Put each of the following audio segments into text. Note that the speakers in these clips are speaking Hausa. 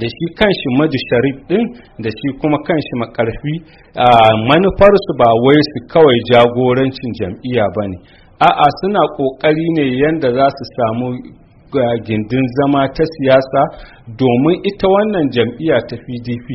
da shi kanshi shi sharif din da shi kuma kanshi makarfi manufarsu ba wai su kawai jagorancin jam'iyya ba ne a'a suna ƙoƙari ne yadda za su samu gindin zama ta siyasa domin ita wannan jam'iyya ta pdp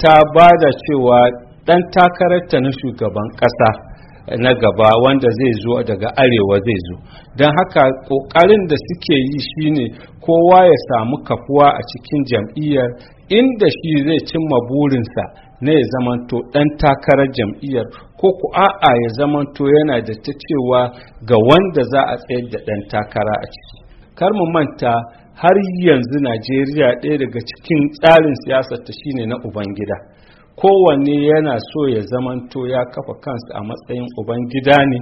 ta ba da cewa ɗan takararta na shugaban ƙasa na gaba wanda zai zo daga arewa zai zo don haka ƙoƙarin da suke yi shine kowa ya samu kafuwa a cikin jam'iyyar inda shi zai cimma burinsa na ya zamanto ɗan takarar jam'iyyar ko ku a'a ya zamanto yana da ta cewa ga wanda za a tsayar da ɗan takara a ciki kar mu manta har yanzu najeriya ɗaya daga cikin tsarin siyasar ta shine na ubangida kowanne yana so ya zamanto ya kafa kansa a matsayin uban gida ne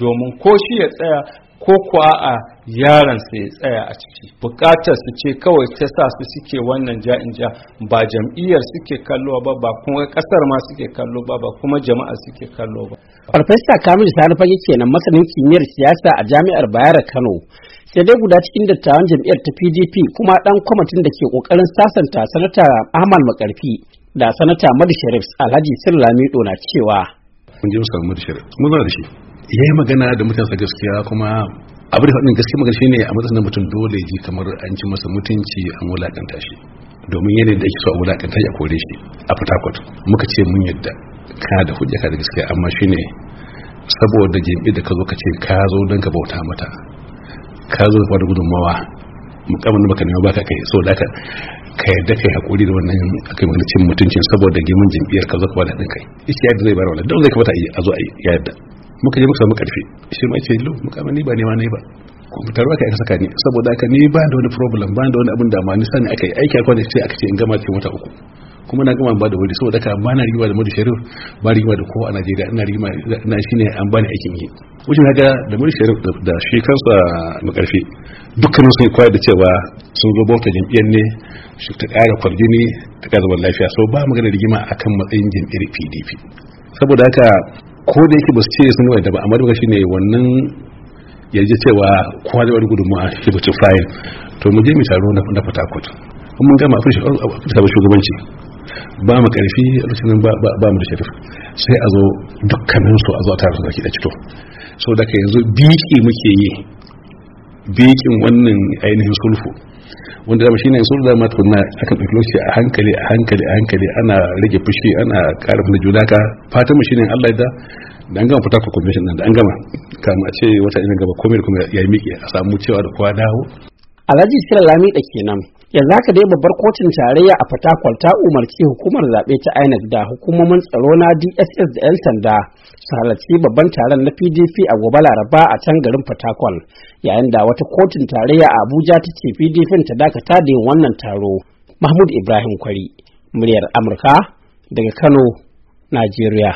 domin ko shi ya tsaya ko kuwa a yaransa ya tsaya a ciki bukatar su ce kawai ta sa su suke wannan ja'in ja ba jam'iyyar suke kallo ba ba kuma kasar ma suke kallo ba ba kuma jama'a suke kallo ba farfesa kamilu sani fage kenan masanin kimiyyar siyasa a jami'ar bayar kano sai dai guda cikin dattawan jam'iyyar ta pdp kuma dan kwamitin da ke kokarin sasanta sanata ahmad makarfi da sanata madu sharif alhaji sirlami na cewa mun je musa madu sharif mun da shi ya yi magana da mutansa gaskiya kuma abin da faɗin gaskiya magana shine a matsayin mutum dole ji kamar an ci masa mutunci an wulaƙanta shi domin yana da ake so a wulaƙanta ya kore shi a fatakwat muka ce mun yadda ka da hujja ka da gaskiya amma shine saboda jami'i da ka zo ka ce ka zo don ka bauta mata ka zo da gudunmawa mukamman da baka nema baka kai so da ka yadda kai hakuri da wannan kai wani cin mutuncin saboda girman jam'iyyar ka zo ka bada haɗin kai ishi yadda zai bayar wani don zai kamata a zo a yadda muka je muka samu karfi shi ma ce lo muka ni ba nema ne ba kwamfutar ba ka aka saka ni saboda haka ni ba da wani problem ba da wani abin da ma ni sani aka yi aiki akwai da sai aka ce in gama cikin wata uku kuma na gama ba da wuri saboda ka ba na rigima da Modi Sharif ba rigima da kowa a Najeriya ina rigima na shine an bani aikin yi wuce na ga da Modi Sharif da shi kansa karfi dukkanin sun kwaya da cewa sun zo bauta jam'iyyar ne shi ta ƙara kwargini ta ƙara zaman lafiya so ba magana rigima akan matsayin jam'iyyar PDP saboda haka ko da yake ba su ce sun wanda ba amma shi ne wannan ya ji cewa kowa da wani gudunmawa shi mutum fayin to mu je mu taro na kotu kuma mun gama a furta shugabanci ba mu karfi a lokacin ba mu da shafi sai a zo dukkanin su a zo a tara su baki da cito so da ka yanzu biki muke yi bikin wannan ainihin sulfu wanda dama shine sulfu da mata kuna akan ɗauki lokaci a hankali a hankali a hankali ana rage fushi ana ƙara da juna ka fatan mu shine Allah ya da da an gama fita ko kwamishin nan da an gama kama a ce wata irin gaba komai da kuma ya yi miki a samu cewa da kowa dawo Alhaji Sira Lami da kenan yanzu haka dai babbar kotun tarayya a fatakwal ta umarci hukumar zaɓe ta inec da hukumomin tsaro na dss da 'yan sanda su halarci babban taron na pdp a gobe laraba a can garin fatakwal yayin da wata kotun tarayya a abuja ta ce pdp ta dakata da yin wannan taro mahmud ibrahim kwari muryar amurka daga kano najeriya